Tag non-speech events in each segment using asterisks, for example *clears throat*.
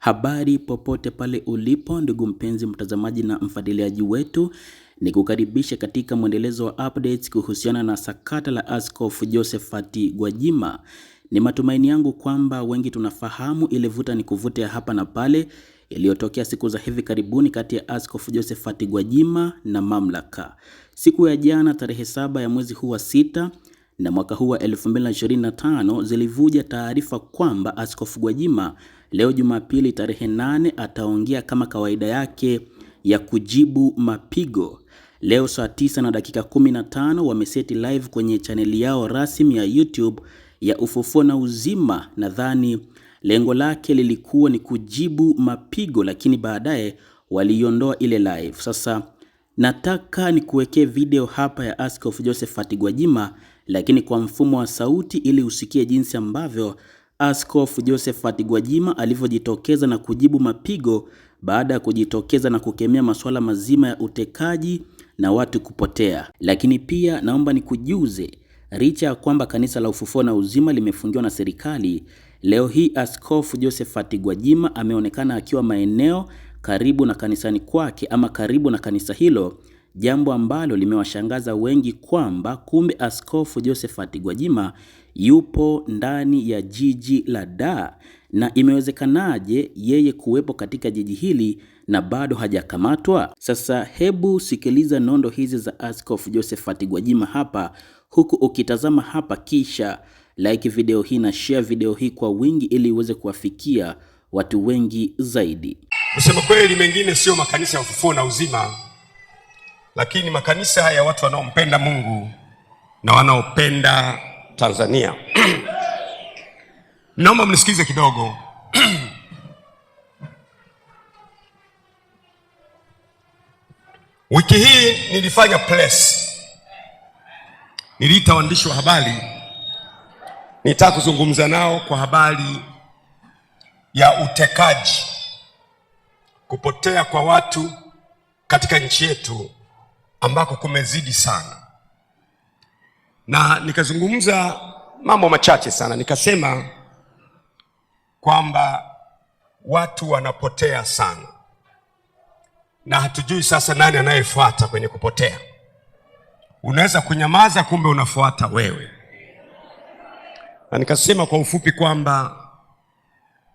Habari popote pale ulipo ndugu mpenzi mtazamaji na mfuatiliaji wetu, ni kukaribisha katika mwendelezo wa updates kuhusiana na sakata la Askofu Josephat Gwajima. Ni matumaini yangu kwamba wengi tunafahamu ile vuta ni kuvuta hapa na pale iliyotokea siku za hivi karibuni kati ya Askofu Josephat Gwajima na mamlaka. Siku ya jana tarehe saba ya mwezi huu wa sita na mwaka huu wa 2025 zilivuja taarifa kwamba Askofu Gwajima Leo Jumapili tarehe nane ataongea kama kawaida yake ya kujibu mapigo. Leo saa tisa na dakika 15 wameseti live kwenye chaneli yao rasmi ya YouTube ya Ufufuo na Uzima. Nadhani lengo lake lilikuwa ni kujibu mapigo, lakini baadaye waliiondoa ile live. Sasa nataka nikuwekee video hapa ya Askofu Josephat Gwajima, lakini kwa mfumo wa sauti, ili usikie jinsi ambavyo Askofu Josephat Gwajima alivyojitokeza na kujibu mapigo baada ya kujitokeza na kukemea masuala mazima ya utekaji na watu kupotea. Lakini pia naomba nikujuze, licha ya kwamba kanisa la Ufufuo na Uzima limefungiwa na serikali, leo hii Askofu Josephat Gwajima ameonekana akiwa maeneo karibu na kanisani kwake ama karibu na kanisa hilo, jambo ambalo limewashangaza wengi kwamba kumbe Askofu Josephat Gwajima yupo ndani ya jiji la Dar na imewezekanaje yeye kuwepo katika jiji hili na bado hajakamatwa? Sasa hebu sikiliza nondo hizi za Askofu Josephat Gwajima hapa huku ukitazama hapa, kisha like video hii na share video hii kwa wingi ili iweze kuwafikia watu wengi zaidi. Kusema kweli, mengine sio makanisa ya ufufuo na uzima, lakini makanisa haya watu wanaompenda Mungu na wanaopenda Tanzania. *clears throat* Naomba mnisikize kidogo. *clears throat* Wiki hii nilifanya press, niliita waandishi wa habari, nitaka kuzungumza nao kwa habari ya utekaji, kupotea kwa watu katika nchi yetu ambako kumezidi sana na nikazungumza mambo machache sana, nikasema kwamba watu wanapotea sana na hatujui sasa nani anayefuata kwenye kupotea. Unaweza kunyamaza, kumbe unafuata wewe. Na nikasema kwa ufupi kwamba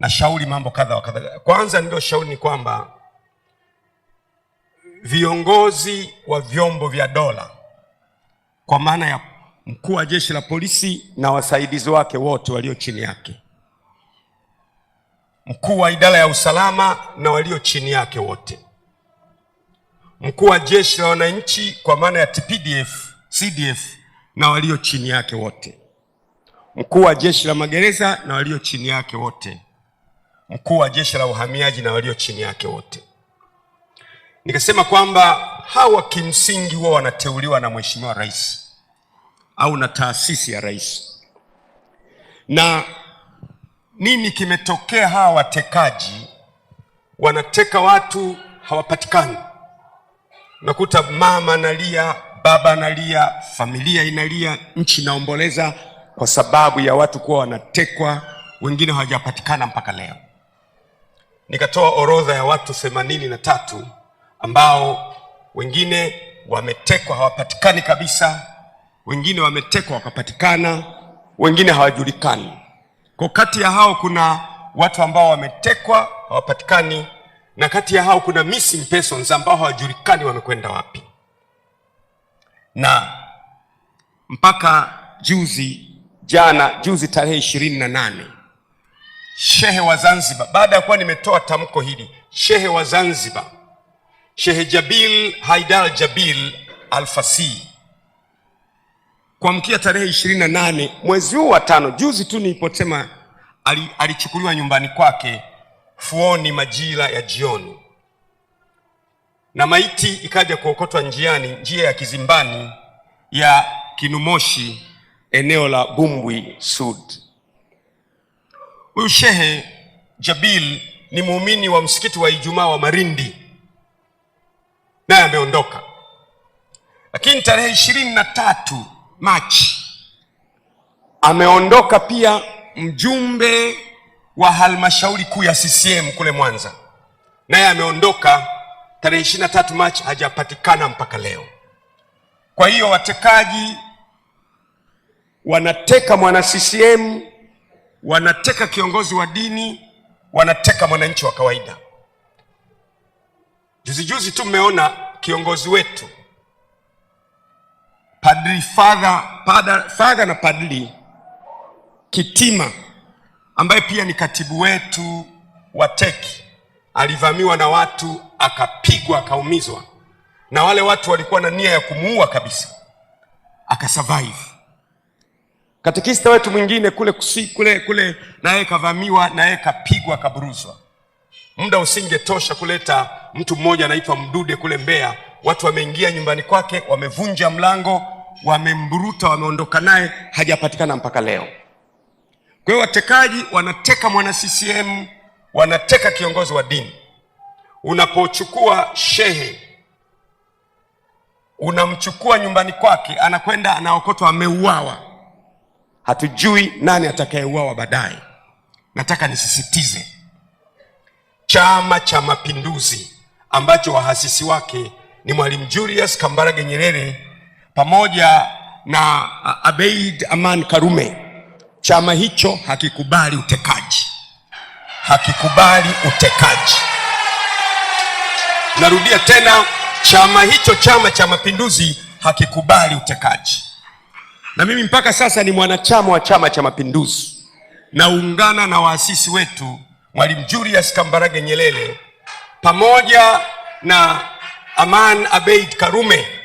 nashauri mambo kadha wa kadha. Kwanza niliyoshauri ni kwamba viongozi wa vyombo vya dola kwa maana ya mkuu wa jeshi la polisi na wasaidizi wake wote walio chini yake, mkuu wa idara ya usalama na walio chini yake wote, mkuu wa jeshi la wananchi kwa maana ya TPDF, CDF na walio chini yake wote, mkuu wa jeshi la magereza na walio chini yake wote, mkuu wa jeshi la uhamiaji na walio chini yake wote. Nikasema kwamba hawa kimsingi huwa wanateuliwa na Mheshimiwa Rais au na taasisi ya rais. Na nini kimetokea? Hawa watekaji wanateka watu, hawapatikani. Unakuta mama analia, baba analia, familia inalia, nchi inaomboleza kwa sababu ya watu kuwa wanatekwa, wengine hawajapatikana mpaka leo. Nikatoa orodha ya watu themanini na tatu ambao wengine wametekwa hawapatikani kabisa wengine wametekwa wakapatikana, wengine hawajulikani. Kwa kati ya hao kuna watu ambao wametekwa hawapatikani, na kati ya hao kuna missing persons ambao hawajulikani wamekwenda wapi. Na mpaka juzi jana, juzi tarehe ishirini na nane shehe wa Zanzibar, baada ya kuwa nimetoa tamko hili, shehe wa Zanzibar, Shehe Jabil Haidar Jabil Alfasi kuamkia tarehe ishirini na nane mwezi huu wa tano, juzi tu niliposema, alichukuliwa nyumbani kwake Fuoni majira ya jioni, na maiti ikaja kuokotwa njiani, njia ya Kizimbani ya Kinumoshi, eneo la Bumbwi Sud. Huyu Shehe Jabil ni muumini wa msikiti wa Ijumaa wa Marindi, naye ameondoka, lakini tarehe ishirini na tatu Machi. Ameondoka pia mjumbe wa halmashauri kuu ya CCM kule Mwanza, naye ameondoka tarehe 23 Machi, hajapatikana mpaka leo. Kwa hiyo watekaji wanateka mwana CCM, wanateka kiongozi wa dini, wanateka mwananchi wa kawaida. Juzi juzi tu mmeona kiongozi wetu Padri Fadha na Padri Kitima ambaye pia ni katibu wetu wa teki alivamiwa na watu akapigwa akaumizwa, na wale watu walikuwa na nia ya kumuua kabisa, akasurvive. Katekista wetu mwingine kule kusi, kule kule naye kavamiwa naye kapigwa akaburuzwa. Muda usingetosha kuleta mtu mmoja anaitwa Mdude kule Mbeya, watu wameingia nyumbani kwake wamevunja mlango wamemburuta, wameondoka naye, hajapatikana mpaka leo. Kwa hiyo watekaji wanateka mwana CCM, wanateka kiongozi wa dini. Unapochukua shehe unamchukua nyumbani kwake, anakwenda anaokotwa, ameuawa. Hatujui nani atakayeuawa baadaye. Nataka nisisitize, Chama cha Mapinduzi ambacho wahasisi wake ni Mwalimu Julius Kambarage Nyerere pamoja na Abeid Aman Karume, chama hicho hakikubali utekaji, hakikubali utekaji. Narudia tena, chama hicho, Chama cha Mapinduzi, hakikubali utekaji. Na mimi mpaka sasa ni mwanachama wa Chama cha Mapinduzi, naungana na waasisi wetu Mwalimu Julius Kambarage Nyerere pamoja na Aman Abeid Karume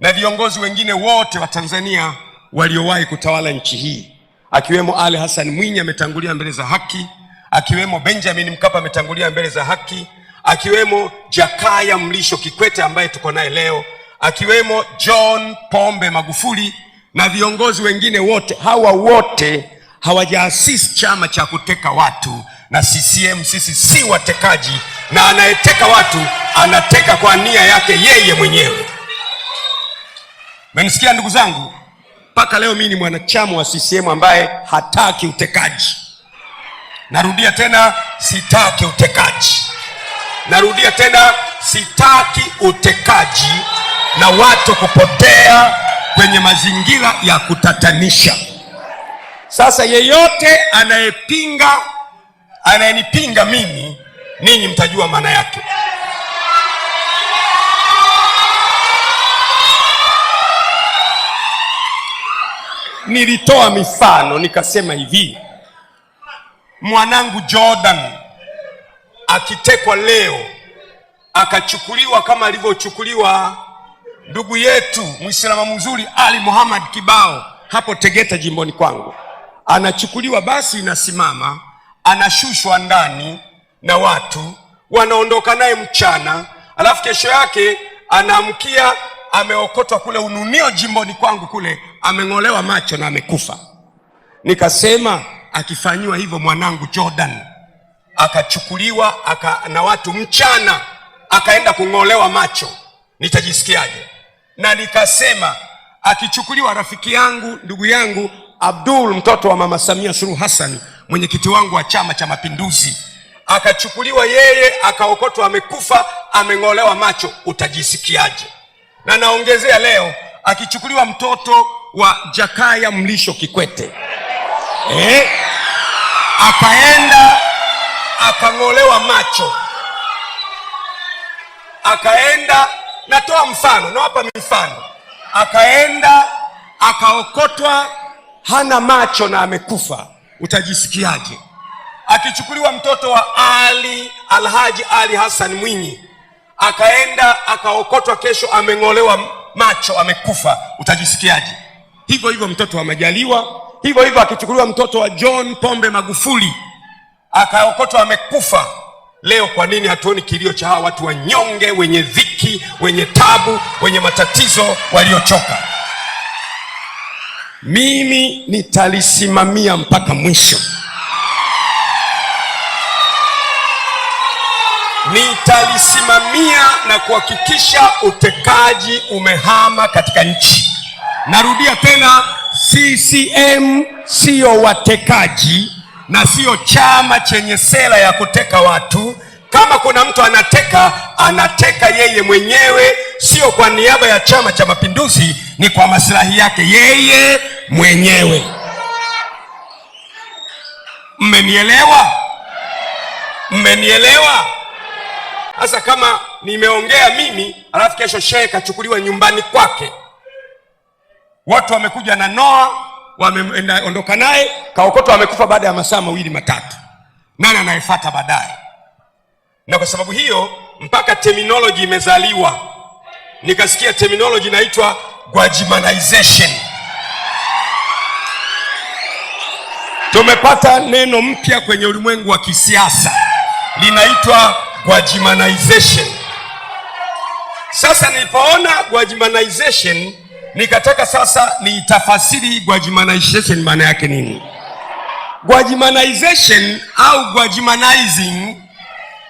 na viongozi wengine wote wa Tanzania waliowahi kutawala nchi hii, akiwemo Ali Hassan Mwinyi ametangulia mbele za haki, akiwemo Benjamin Mkapa ametangulia mbele za haki, akiwemo Jakaya Mlisho Kikwete ambaye tuko naye leo, akiwemo John Pombe Magufuli na viongozi wengine wote. Hawa wote hawajaasisi chama cha kuteka watu na CCM. Sisi si watekaji, na anayeteka watu anateka kwa nia yake yeye mwenyewe. Menisikia ndugu zangu, mpaka leo mimi ni mwanachama wa CCM ambaye hataki utekaji. Narudia tena, sitaki utekaji. Narudia tena, sitaki utekaji na watu kupotea kwenye mazingira ya kutatanisha. Sasa yeyote anayepinga, anayenipinga mimi, ninyi mtajua maana yake. Nilitoa mifano nikasema hivi, mwanangu Jordan akitekwa leo akachukuliwa kama alivyochukuliwa ndugu yetu Muislamu mzuri Ali Muhammad Kibao hapo Tegeta jimboni kwangu, anachukuliwa basi, inasimama anashushwa ndani na watu wanaondoka naye mchana, alafu kesho yake anaamkia ameokotwa kule Ununio jimboni kwangu kule ameng'olewa macho na amekufa. Nikasema akifanyiwa hivyo mwanangu Jordan akachukuliwa aka, na watu mchana akaenda kung'olewa macho nitajisikiaje? Na nikasema akichukuliwa rafiki yangu ndugu yangu Abdul mtoto wa mama Samia Suluhu Hassan mwenyekiti wangu wa Chama cha Mapinduzi akachukuliwa yeye akaokotwa, amekufa ameng'olewa macho, utajisikiaje? Na naongezea leo, akichukuliwa mtoto wa Jakaya Mlisho Kikwete eh, akaenda akang'olewa macho, akaenda, natoa mfano, nawapa mifano, akaenda akaokotwa hana macho na amekufa, utajisikiaje? Akichukuliwa mtoto wa Ali Alhaji Ali Hassan Mwinyi akaenda akaokotwa, kesho ameng'olewa macho, amekufa, utajisikiaje? hivyo hivyo mtoto wa Majaliwa, hivyo hivyo akichukuliwa mtoto wa John Pombe Magufuli akaokotwa amekufa. Leo kwa nini hatuoni kilio cha hawa watu wanyonge, wenye dhiki, wenye tabu, wenye matatizo, waliochoka? Mimi nitalisimamia mpaka mwisho, nitalisimamia na kuhakikisha utekaji umehama katika nchi. Narudia tena, CCM siyo watekaji na siyo chama chenye sera ya kuteka watu. Kama kuna mtu anateka, anateka yeye mwenyewe, sio kwa niaba ya Chama cha Mapinduzi, ni kwa maslahi yake yeye mwenyewe. Mmenielewa? Mmenielewa? Sasa kama nimeongea mimi, alafu kesho shehe kachukuliwa nyumbani kwake Watu wamekuja na Noa, wameondoka naye, kaokoto wamekufa baada ya masaa mawili matatu. Nani anayefata baadaye? Na kwa sababu hiyo mpaka terminology imezaliwa, nikasikia terminology inaitwa Gwajimanization. Tumepata neno mpya kwenye ulimwengu wa kisiasa linaitwa Gwajimanization. Sasa nilipoona Gwajimanization nikataka sasa tafasiri Gwajimanization maana yake nini? Gwajimanization au Gwajimanizing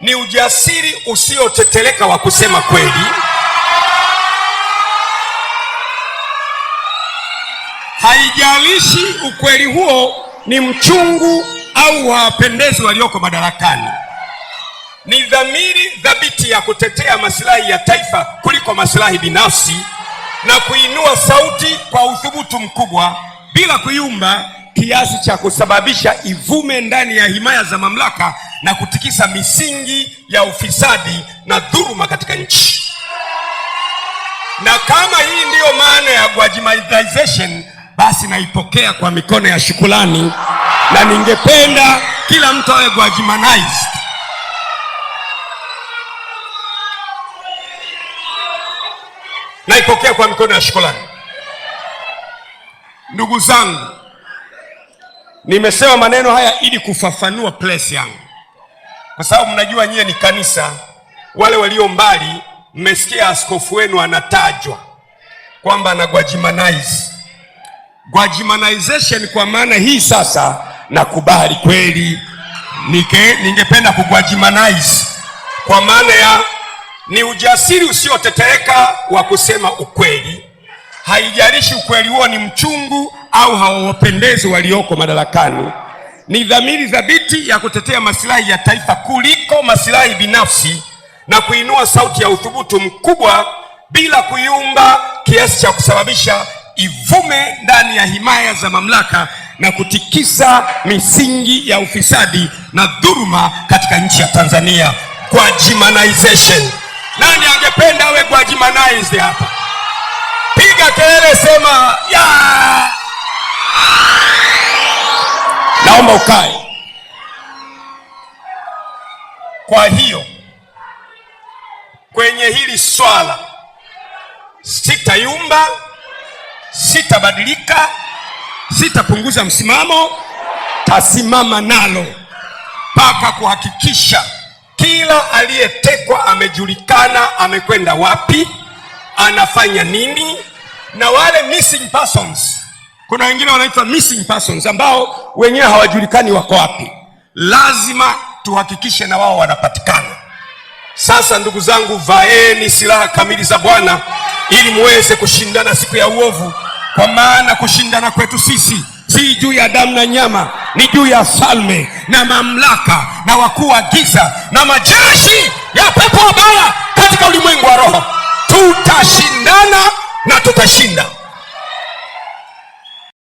ni ujasiri usioteteleka wa kusema kweli, haijalishi ukweli huo ni mchungu au hawapendezi walioko madarakani. Ni dhamiri dhabiti ya kutetea masilahi ya taifa kuliko maslahi binafsi na kuinua sauti kwa uthubutu mkubwa bila kuyumba kiasi cha kusababisha ivume ndani ya himaya za mamlaka na kutikisa misingi ya ufisadi na dhuluma katika nchi. Na kama hii ndiyo maana ya Gwajimalization, basi naipokea kwa mikono ya shukulani na ningependa kila mtu awe Gwajimanize. naipokea kwa mikono ya shukrani. Ndugu zangu, nimesema maneno haya ili kufafanua place yangu, kwa sababu mnajua nyie ni kanisa. Wale walio mbali, mmesikia askofu wenu anatajwa kwamba na Gwajimanaize Gwajimanization kwa maana hii sasa, nakubali kweli, ningependa kugwajimanize kwa maana ya ni ujasiri usiotetereka wa kusema ukweli, haijarishi ukweli huo ni mchungu au hawawapendezi walioko madarakani. Ni dhamiri thabiti ya kutetea masilahi ya taifa kuliko masilahi binafsi na kuinua sauti ya uthubutu mkubwa bila kuyumba kiasi cha kusababisha ivume ndani ya himaya za mamlaka na kutikisa misingi ya ufisadi na dhuruma katika nchi ya Tanzania kwa jimanization. Nani angependa awe Gwajimanize hapa? Piga kelele, sema ya. Naomba ukae. Kwa hiyo kwenye hili swala sitayumba, sitabadilika, sitapunguza msimamo, tasimama nalo mpaka kuhakikisha kila aliyetekwa amejulikana amekwenda wapi, anafanya nini, na wale missing persons, kuna wengine wanaitwa missing persons ambao wenyewe hawajulikani wako wapi, lazima tuhakikishe na wao wanapatikana. Sasa ndugu zangu, vaeni silaha kamili za Bwana ili muweze kushindana siku ya uovu, kwa maana kushindana kwetu sisi si juu ya damu na nyama, ni juu ya falme na mamlaka na wakuu wa giza na majeshi ya pepo wabaya katika ulimwengu wa roho. Tutashindana na tutashinda.